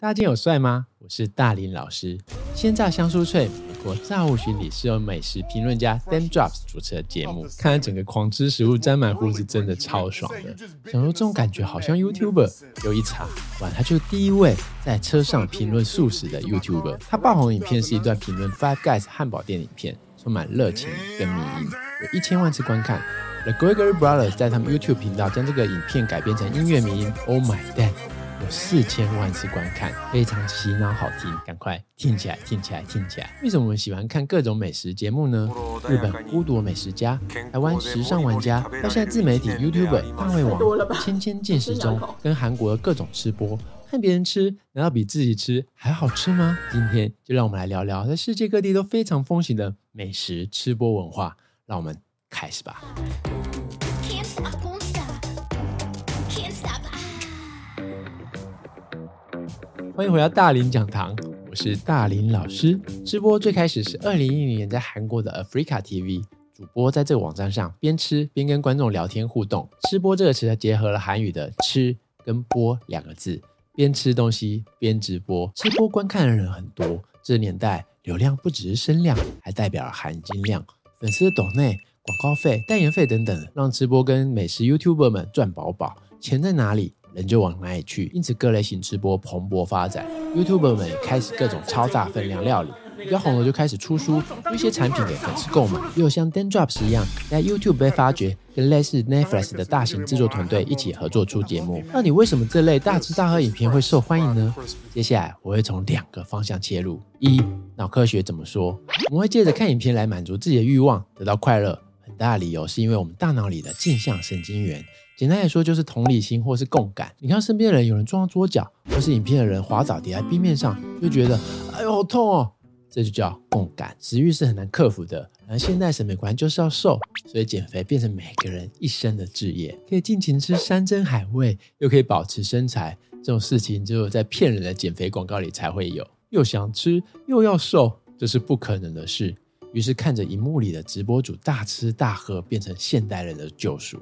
大家今天有帥嗎？我是大林老師。鮮炸香酥脆，美國炸物巡禮是由美食評論家 Daym Drops 主持的節目。看來整個狂吃食物沾滿鬍子真的超爽的。想說，這種感覺好像 YouTuber，有一查，哇，他就是第一位在車上評論速食的 YouTuber。他爆紅影片是一段評論 Five Guys 漢堡店影片，充滿熱情跟迷因，有一千萬次觀看。The Gregory Brothers 在他們 YouTube 頻道將這個影片改編成音樂迷因 Oh My Dayum。有四千萬次觀看，非常洗腦，好聽，趕快聽起來，聽起來，聽起來！為什麼我們喜歡看各種美食節目呢？日本孤獨的美食家，台灣食尚玩家，到現在自媒體 YouTuber 大胃王千千進食中，跟韓國的各種吃播，看別人吃，難道比自己吃還好吃嗎？今天就讓我們來聊聊，在世界各地都非常風行的美食吃播文化，讓我們開始吧。歡迎回到大林講堂，我是大林老師。吃播最開始是二零一零年在韓國的 Africa TV 主播在這個網站上邊吃邊跟觀眾聊天互動。吃播這個詞結合了韓語的“吃”跟“播”兩個字，邊吃東西邊直播。吃播觀看的人很多，這年代流量不只是聲量，還代表了含金量。粉絲的抖內、廣告費、代言費等等，讓吃播跟美食 YouTuber 們賺飽飽。錢在哪裡？人就往哪裡去，因此各類型直播蓬勃發展，YouTuber 們也開始各種超大分量料理，比較紅的就開始出書，有一些產品給粉絲購買，又像 Daym Drops 一樣在 YouTube 被發掘，跟類似 Netflix 的大型製作團隊一起合作出節目。那你為什麼這類大吃大喝影片會受歡迎呢？接下來我會從兩個方向切入：一、腦科學怎麼說？我們會借着看影片來滿足自己的慾望，得到快樂，很大的理由是因為我們大腦裡的鏡像神經元。簡單來說，就是同理心或是共感。你看身邊的人，有人撞到桌角，或是影片的人滑倒跌在冰面上，就會覺得哎呦好痛哦、喔，這就叫共感。食欲是很難克服的，而現代審美觀就是要瘦，所以減肥變成每個人一生的志願，可以盡情吃山珍海味，又可以保持身材，這種事情只有在騙人的減肥廣告裡才會有。又想吃又要瘦，這是不可能的事，於是看着螢幕裡的直播主大吃大喝，變成現代人的救贖。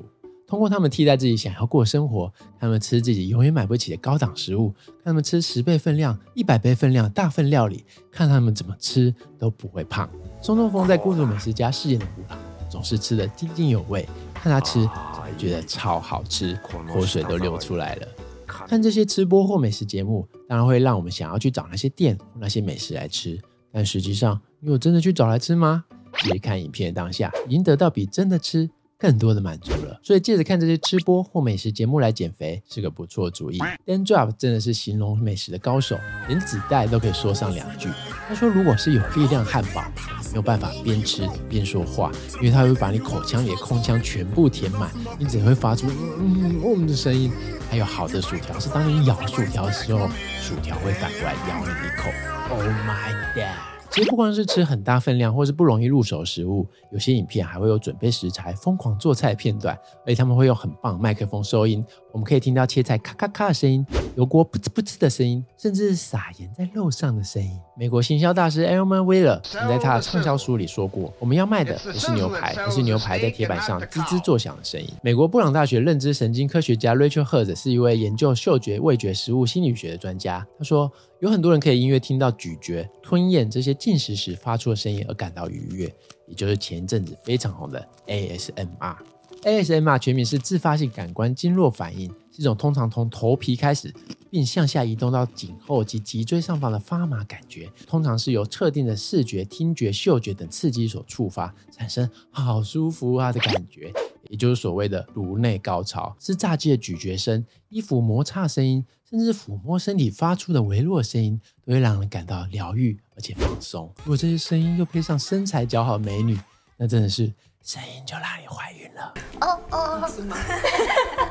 通過他們替代自己想要過生活，他們吃自己永遠買不起的高檔食物，看他們吃十倍分量、一百倍分量大份料理，看他們怎麼吃都不會胖。松東峰在孤獨的美食家飾演的胡導，總是吃得津津有味，看他吃，覺得超好吃，口水都流出來了。看這些吃播或美食節目，當然會讓我們想要去找那些店、那些美食來吃，但實際上，你有真的去找來吃嗎？其實看影片當下，已經得到比真的吃更多的滿足了，所以借着看這些吃播或美食節目來減肥是個不錯主意。Daym Drops 真的是形容美食的高手，連紙袋都可以說上兩句。他說，如果是有力量漢堡，沒有辦法邊吃邊說話，因為它會把你口腔裡的空腔全部填滿，你只會發出嗯嗯嗯的聲音。還有好的薯條是當你咬薯條的時候，薯條會反過來咬你一口。Oh my god！其實不光是吃很大分量，或是不容易入手食物，有些影片還會有準備食材、瘋狂做菜的片段，而且他們會用很棒的麥克風收音，我們可以聽到切菜咔咔咔的聲音。油鍋撲哧撲哧的聲音，甚至撒鹽在肉上的聲音。美國行銷大師 Elmer Wheeler 曾在他的暢銷書裡說過：“我們要賣的不是牛排，而是牛排在鐵板上滋滋作響的聲音。”美國布朗大學認知神經科學家 Rachel Herz 是一位研究嗅覺、味覺、食物心理學的專家。他說：“有很多人可以因為聽到咀嚼、吞嚥這些進食時發出的聲音而感到愉悅，也就是前一陣子非常紅的 ASMR。ASMR 全名是自發性感官經絡反應。”這種通常從頭皮開始，並向下移動到頸後及脊椎上方的發麻感覺，通常是由特定的視覺、聽覺、嗅覺等刺激所觸發，產生“好舒服啊”的感覺，也就是所謂的顱內高潮。是炸雞的咀嚼聲、衣服摩擦聲音，甚至撫摸身體發出的微弱聲音，都會讓人感到療癒而且放鬆。如果這些聲音又配上身材姣好的美女，那真的是……聲音就讓你懷孕了，哦哦，舒、哦、麻，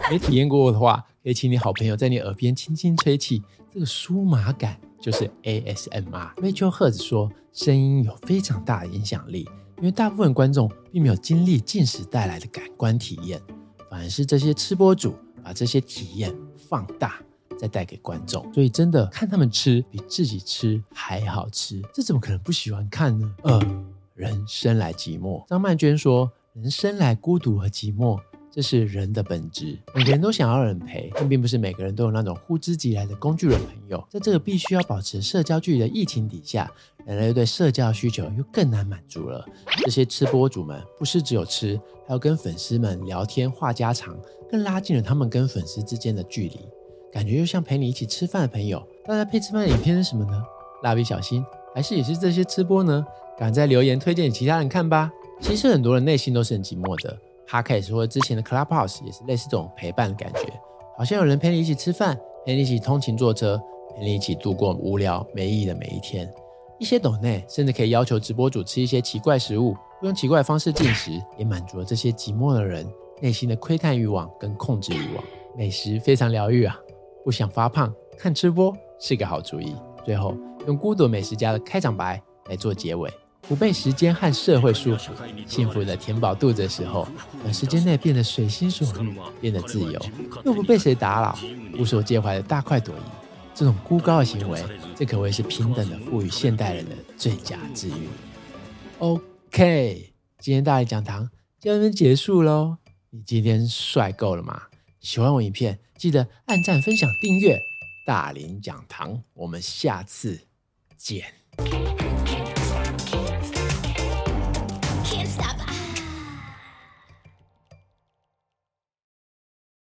沒體驗過我的話，可以請你好朋友在你耳邊輕輕吹氣，這個酥麻感就是 ASMR。 Rachel Hertz 說，聲音有非常大的影響力，因為大部分觀眾並沒有經歷進食帶來的感官體驗，反而是這些吃播主把這些體驗放大，再帶給觀眾，所以真的看他們吃比自己吃還好吃，這怎麼可能不喜歡看呢？呃。人生來寂寞。張曼娟說：“人生來孤獨和寂寞，這是人的本質。每個人都想要人陪，但並不是每個人都有那種呼之即來的工具人朋友。在這個必須要保持社交距離的疫情底下，人類對社交需求又更難滿足了。這些吃播主們，不是只有吃，還有跟粉絲們聊天、話家常，更拉近了他們跟粉絲之間的距離，感覺就像陪你一起吃飯的朋友。大家陪吃飯的影片是什麼呢？蠟筆小新。”還是也是這些吃播呢？敢在留言推薦給其他人看吧。其實很多人內心都是很寂寞的。哈克也說之前的 Clubhouse 也是類似這種陪伴的感覺，好像有人陪你一起吃飯，陪你一起通勤坐車，陪你一起度過無聊沒意義的每一天。一些抖內甚至可以要求直播主吃一些奇怪食物，用奇怪的方式進食，也滿足了這些寂寞的人內心的窺探欲望跟控制欲望。美食非常療癒啊！不想發胖，看吃播是個好主意。最後。用孤獨美食家的開場白來做結尾，不被時間和社會束縛，幸福的填飽肚子的時候，短時間內變得隨心所欲，變得自由，又不被誰打擾，無所介懷的大快朵頤，這種孤高的行為，這可謂是平等的賦予現代人的最佳治癒。OK，今天大林講堂就先結束嘍。你今天帥夠了嗎？喜歡我影片，記得按讚、分享、訂閱大林講堂。我們下次。見。